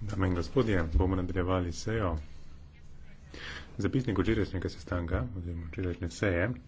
dame in gospodje, bomo nadaljevali sejo. Zapisnik včerajšnjega sestanka oziroma včerajšnje seje